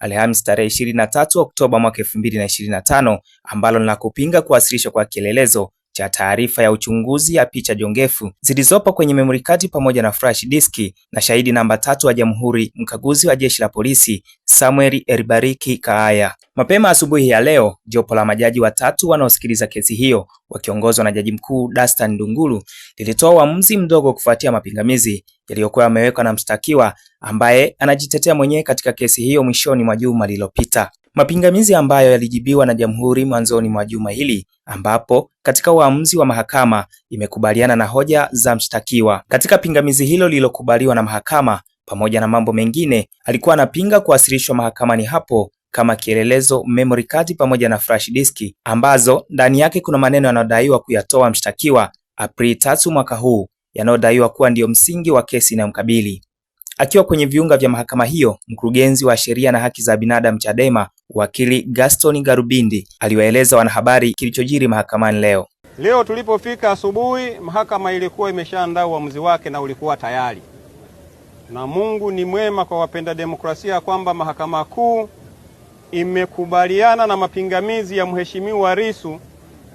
Alhamis tarehe 23 Oktoba mwaka 2025 ambalo lina kupinga kuwasilishwa kwa kielelezo cha taarifa ya uchunguzi ya picha jongefu zilizopo kwenye memory card pamoja na flash disk na shahidi namba tatu wa Jamhuri, mkaguzi wa jeshi la polisi Samuel Eribariki Kaaya. Mapema asubuhi ya leo, jopo la majaji watatu wanaosikiliza kesi hiyo wakiongozwa na Jaji Mkuu Dastan Ndunguru lilitoa uamuzi mdogo kufuatia mapingamizi yaliyokuwa yamewekwa na mshtakiwa ambaye anajitetea mwenyewe katika kesi hiyo mwishoni mwa juma lililopita mapingamizi ambayo yalijibiwa na Jamhuri mwanzoni mwa juma hili ambapo katika uamuzi wa mahakama imekubaliana na hoja za mshtakiwa. Katika pingamizi hilo lililokubaliwa na mahakama, pamoja na mambo mengine, alikuwa anapinga kuwasilishwa mahakamani hapo kama kielelezo memory card pamoja na flash disk ambazo ndani yake kuna maneno yanayodaiwa kuyatoa mshtakiwa Aprili tatu mwaka huu yanayodaiwa kuwa ndiyo msingi wa kesi inayomkabili. Akiwa kwenye viunga vya mahakama hiyo, mkurugenzi wa sheria na haki za binadamu Chadema, wakili Gaston Garubindi aliwaeleza wanahabari kilichojiri mahakamani leo. Leo tulipofika asubuhi, mahakama ilikuwa imeshaandaa uamuzi wake na ulikuwa tayari, na Mungu ni mwema kwa wapenda demokrasia kwamba mahakama kuu imekubaliana na mapingamizi ya mheshimiwa Lissu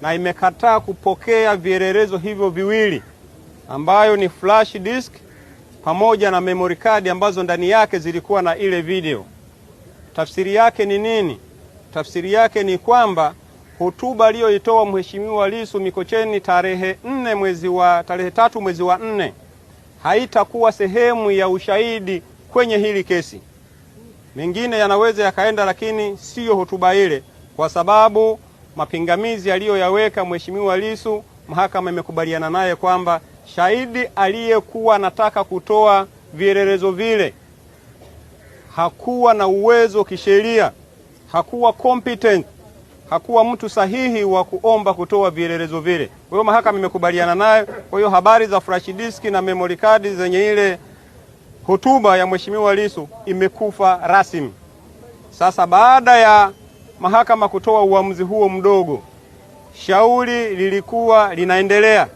na imekataa kupokea vielelezo hivyo viwili ambayo ni flash disk pamoja na memory card ambazo ndani yake zilikuwa na ile video. Tafsiri yake ni nini? Tafsiri yake ni kwamba hotuba aliyoitoa Mheshimiwa Lissu Mikocheni tarehe nne mwezi wa tarehe tatu mwezi wa nne haitakuwa sehemu ya ushahidi kwenye hili kesi. Mengine yanaweza yakaenda, lakini siyo hotuba ile, kwa sababu mapingamizi aliyoyaweka Mheshimiwa Lissu mahakama imekubaliana naye kwamba shahidi aliyekuwa anataka kutoa vielelezo vile hakuwa na uwezo kisheria, hakuwa competent, hakuwa mtu sahihi wa kuomba kutoa vielelezo vile. Kwa hiyo mahakama imekubaliana naye. Kwa hiyo habari za flash disk na memory card zenye ile hotuba ya Mheshimiwa Lissu imekufa rasmi. Sasa baada ya mahakama kutoa uamuzi huo mdogo, shauri lilikuwa linaendelea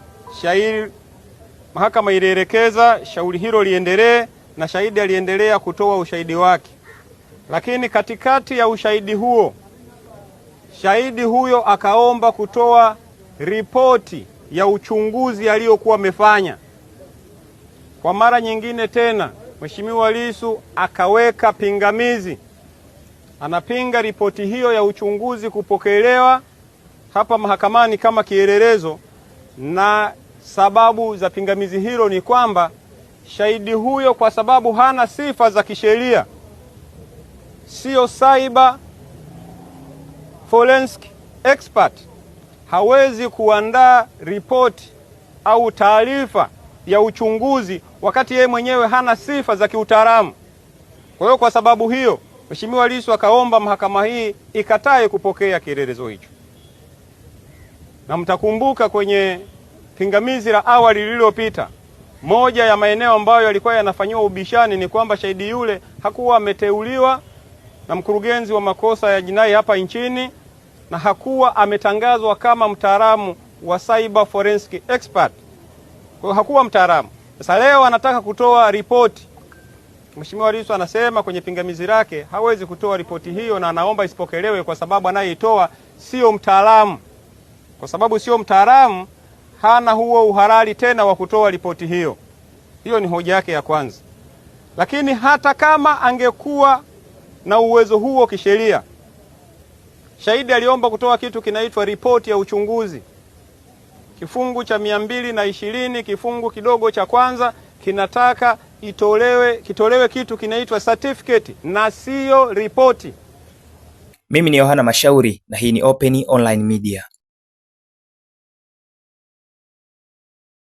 shairi Mahakama ilielekeza shauri hilo liendelee na shahidi aliendelea kutoa ushahidi wake, lakini katikati ya ushahidi huo shahidi huyo akaomba kutoa ripoti ya uchunguzi aliyokuwa amefanya. Kwa mara nyingine tena, Mheshimiwa Lissu akaweka pingamizi, anapinga ripoti hiyo ya uchunguzi kupokelewa hapa mahakamani kama kielelezo na Sababu za pingamizi hilo ni kwamba shahidi huyo kwa sababu hana sifa za kisheria, siyo cyber forensic expert, hawezi kuandaa ripoti au taarifa ya uchunguzi wakati yeye mwenyewe hana sifa za kiutaalamu. Kwa hiyo kwa sababu hiyo, Mheshimiwa Lissu akaomba mahakama hii ikatae kupokea kielelezo hicho, na mtakumbuka kwenye pingamizi la awali lililopita, moja ya maeneo ambayo yalikuwa yanafanyiwa ubishani ni kwamba shahidi yule hakuwa ameteuliwa na mkurugenzi wa makosa ya jinai hapa nchini na hakuwa ametangazwa kama mtaalamu wa cyber forensic expert. Kwa hakuwa mtaalamu. Sasa leo anataka kutoa ripoti. Mheshimiwa Lissu anasema kwenye pingamizi lake hawezi kutoa ripoti hiyo, na anaomba isipokelewe kwa sababu anayeitoa sio mtaalamu. Kwa sababu sio mtaalamu, hana huo uhalali tena wa kutoa ripoti hiyo. Hiyo ni hoja yake ya kwanza. Lakini hata kama angekuwa na uwezo huo kisheria, shahidi aliomba kutoa kitu kinaitwa ripoti ya uchunguzi. Kifungu cha mia mbili na ishirini kifungu kidogo cha kwanza kinataka itolewe, kitolewe kitu kinaitwa certificate na siyo ripoti. Mimi ni Yohana Mashauri na hii ni Open Online Media.